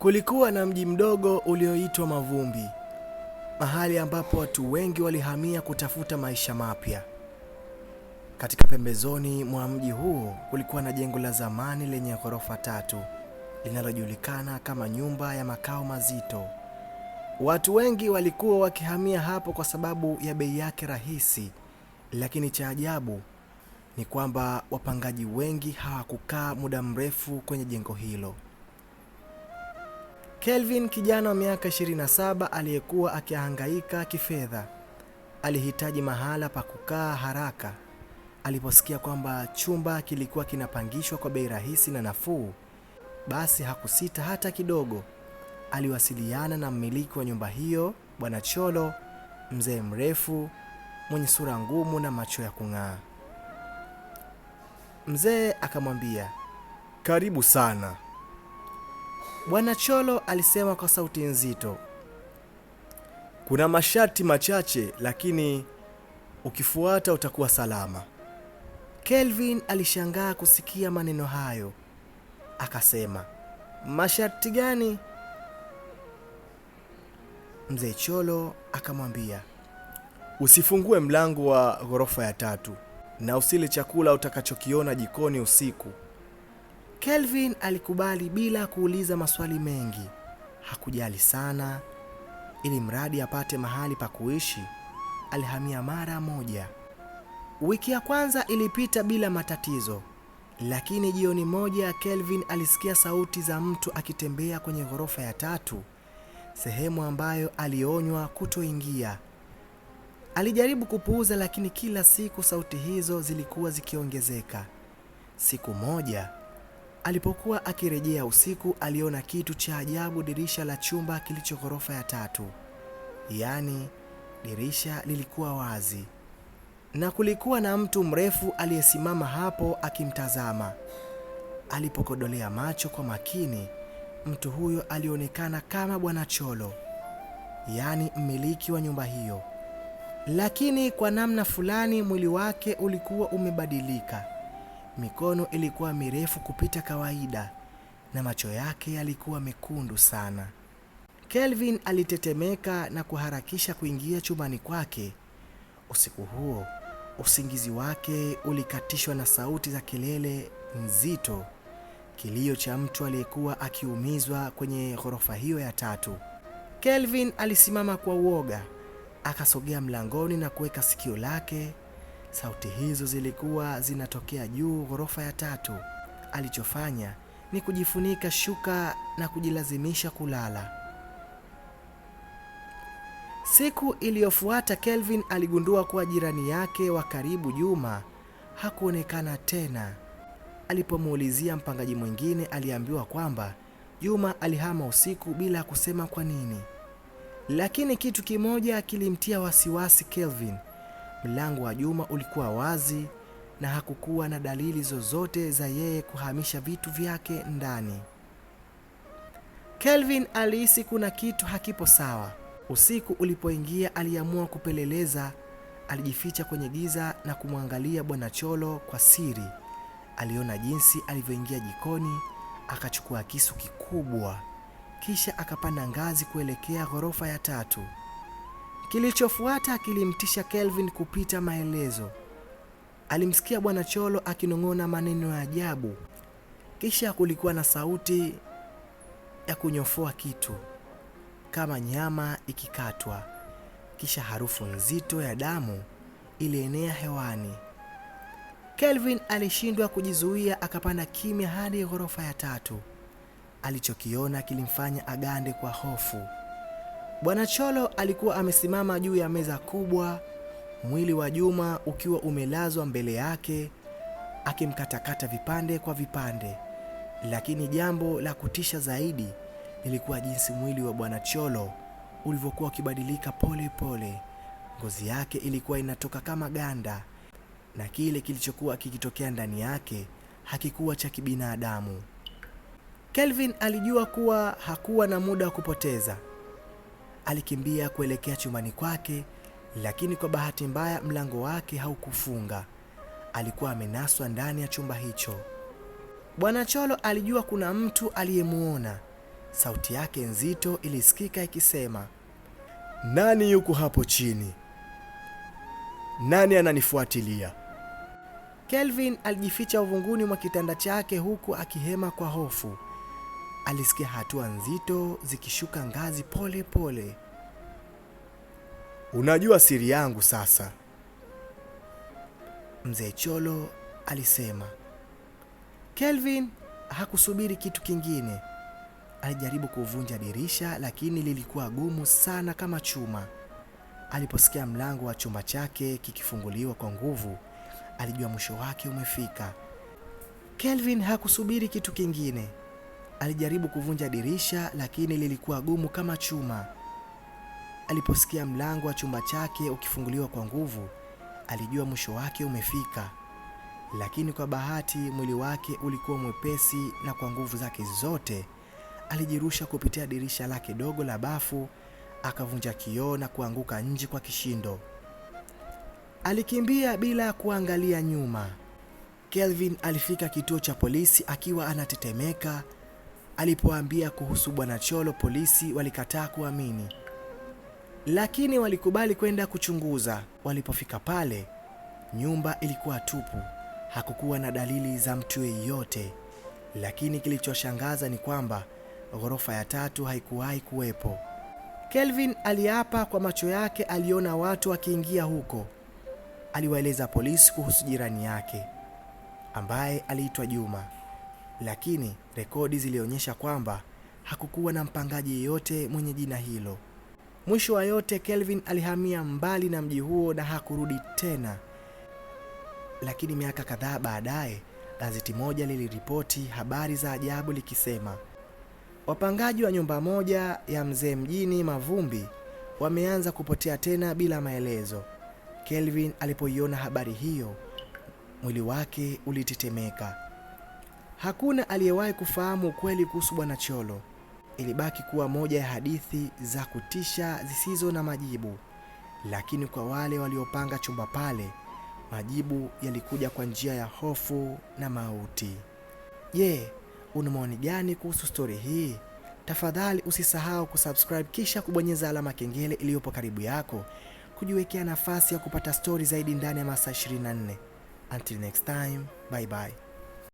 Kulikuwa na mji mdogo ulioitwa Mavumbi, mahali ambapo watu wengi walihamia kutafuta maisha mapya. Katika pembezoni mwa mji huo kulikuwa na jengo la zamani lenye ghorofa tatu linalojulikana kama nyumba ya makao mazito. Watu wengi walikuwa wakihamia hapo kwa sababu ya bei yake rahisi, lakini cha ajabu ni kwamba wapangaji wengi hawakukaa muda mrefu kwenye jengo hilo. Kelvin, kijana wa miaka 27 aliyekuwa akihangaika kifedha, alihitaji mahala pa kukaa haraka. Aliposikia kwamba chumba kilikuwa kinapangishwa kwa bei rahisi na nafuu, basi hakusita hata kidogo. Aliwasiliana na mmiliki wa nyumba hiyo, Bwana Cholo, mzee mrefu mwenye sura ngumu na macho ya kung'aa. Mzee akamwambia, karibu sana Bwana Cholo alisema kwa sauti nzito, kuna masharti machache, lakini ukifuata utakuwa salama. Kelvin alishangaa kusikia maneno hayo, akasema, masharti gani? Mzee Cholo akamwambia, usifungue mlango wa ghorofa ya tatu na usile chakula utakachokiona jikoni usiku. Kelvin alikubali bila kuuliza maswali mengi. Hakujali sana, ili mradi apate mahali pa kuishi, alihamia mara moja. Wiki ya kwanza ilipita bila matatizo, lakini jioni moja Kelvin alisikia sauti za mtu akitembea kwenye ghorofa ya tatu, sehemu ambayo alionywa kutoingia. Alijaribu kupuuza, lakini kila siku sauti hizo zilikuwa zikiongezeka. Siku moja Alipokuwa akirejea usiku, aliona kitu cha ajabu dirisha la chumba kilicho ghorofa ya tatu. Yaani, dirisha lilikuwa wazi na kulikuwa na mtu mrefu aliyesimama hapo akimtazama. Alipokodolea macho kwa makini, mtu huyo alionekana kama Bwana Cholo, yaani mmiliki wa nyumba hiyo, lakini kwa namna fulani mwili wake ulikuwa umebadilika. Mikono ilikuwa mirefu kupita kawaida na macho yake yalikuwa mekundu sana. Kelvin alitetemeka na kuharakisha kuingia chumbani kwake. Usiku huo usingizi wake ulikatishwa na sauti za kelele nzito, kilio cha mtu aliyekuwa akiumizwa kwenye ghorofa hiyo ya tatu. Kelvin alisimama kwa uoga, akasogea mlangoni na kuweka sikio lake Sauti hizo zilikuwa zinatokea juu ghorofa ya tatu. Alichofanya ni kujifunika shuka na kujilazimisha kulala. Siku iliyofuata Kelvin aligundua kuwa jirani yake wa karibu Juma hakuonekana tena. Alipomuulizia mpangaji mwingine, aliambiwa kwamba Juma alihama usiku bila kusema kwa nini. Lakini kitu kimoja kilimtia wasiwasi Kelvin. Mlango wa Juma ulikuwa wazi na hakukuwa na dalili zozote za yeye kuhamisha vitu vyake ndani. Kelvin alihisi kuna kitu hakipo sawa. Usiku ulipoingia, aliamua kupeleleza. Alijificha kwenye giza na kumwangalia Bwana Cholo kwa siri. Aliona jinsi alivyoingia jikoni, akachukua kisu kikubwa, kisha akapanda ngazi kuelekea ghorofa ya tatu. Kilichofuata kilimtisha Kelvin kupita maelezo. Alimsikia Bwana Cholo akinong'ona maneno ya ajabu, kisha kulikuwa na sauti ya kunyofoa kitu kama nyama ikikatwa, kisha harufu nzito ya damu ilienea hewani. Kelvin alishindwa kujizuia, akapanda kimya hadi ghorofa ya tatu. Alichokiona kilimfanya agande kwa hofu. Bwana Cholo alikuwa amesimama juu ya meza kubwa, mwili wa Juma ukiwa umelazwa mbele yake, akimkatakata vipande kwa vipande. Lakini jambo la kutisha zaidi lilikuwa jinsi mwili wa Bwana Cholo ulivyokuwa ukibadilika pole pole. Ngozi yake ilikuwa inatoka kama ganda na kile kilichokuwa kikitokea ndani yake hakikuwa cha kibinadamu. Kelvin alijua kuwa hakuwa na muda wa kupoteza alikimbia kuelekea chumbani kwake, lakini kwa bahati mbaya mlango wake haukufunga. Alikuwa amenaswa ndani ya chumba hicho. Bwana Cholo alijua kuna mtu aliyemwona. Sauti yake nzito ilisikika ikisema, nani yuko hapo chini? Nani ananifuatilia? Kelvin alijificha uvunguni mwa kitanda chake huku akihema kwa hofu. Alisikia hatua nzito zikishuka ngazi pole pole. Unajua siri yangu sasa, mzee Cholo alisema. Kelvin hakusubiri kitu kingine. Alijaribu kuvunja dirisha lakini lilikuwa gumu sana kama chuma. Aliposikia mlango wa chumba chake kikifunguliwa kwa nguvu, alijua mwisho wake umefika. Kelvin hakusubiri kitu kingine. Alijaribu kuvunja dirisha lakini lilikuwa gumu kama chuma. Aliposikia mlango wa chumba chake ukifunguliwa kwa nguvu, alijua mwisho wake umefika. Lakini kwa bahati mwili wake ulikuwa mwepesi na kwa nguvu zake zote alijirusha kupitia dirisha lake dogo la bafu, akavunja kioo na kuanguka nje kwa kishindo. Alikimbia bila kuangalia nyuma. Kelvin alifika kituo cha polisi akiwa anatetemeka. Alipoambia kuhusu bwana Cholo, polisi walikataa kuamini, lakini walikubali kwenda kuchunguza. Walipofika pale, nyumba ilikuwa tupu, hakukuwa na dalili za mtu yeyote. Lakini kilichoshangaza ni kwamba ghorofa ya tatu haikuwahi kuwepo. Kelvin aliapa kwa macho yake aliona watu wakiingia huko. Aliwaeleza polisi kuhusu jirani yake ambaye aliitwa Juma lakini rekodi zilionyesha kwamba hakukuwa na mpangaji yeyote mwenye jina hilo. Mwisho wa yote, Kelvin alihamia mbali na mji huo na hakurudi tena. Lakini miaka kadhaa baadaye, gazeti moja liliripoti habari za ajabu likisema wapangaji wa nyumba moja ya mzee mjini Mavumbi wameanza kupotea tena bila maelezo. Kelvin alipoiona habari hiyo, mwili wake ulitetemeka. Hakuna aliyewahi kufahamu ukweli kuhusu Bwana Cholo. Ilibaki kuwa moja ya hadithi za kutisha zisizo na majibu, lakini kwa wale waliopanga chumba pale, majibu yalikuja kwa njia ya hofu na mauti. Je, una maoni gani kuhusu stori hii? Tafadhali usisahau kusubscribe kisha kubonyeza alama kengele iliyopo karibu yako kujiwekea nafasi ya kupata stori zaidi ndani ya masaa 24. Until next time, bye bye.